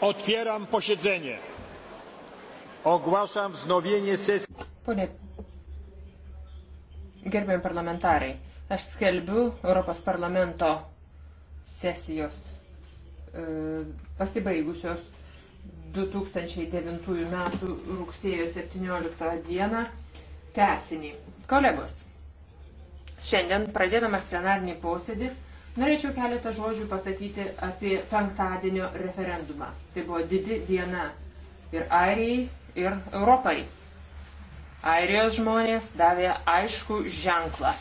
Otwieram posiedzenie. Ogłaszam wznowienie sesji. Pone, gerbiami parlamentarai, aš skelbiu Europos parlamento sesijos e, pasibaigusios 2009 m. rugsėjo 17 d. tesinį. Kolegos, šiandien pradėdamas plenarnį posėdį Norėčiau keletą žodžių pasakyti apie penktadienio referendumą. Tai buvo didi diena ir Airijai, ir Europai. Airijos žmonės davė aišku ženklą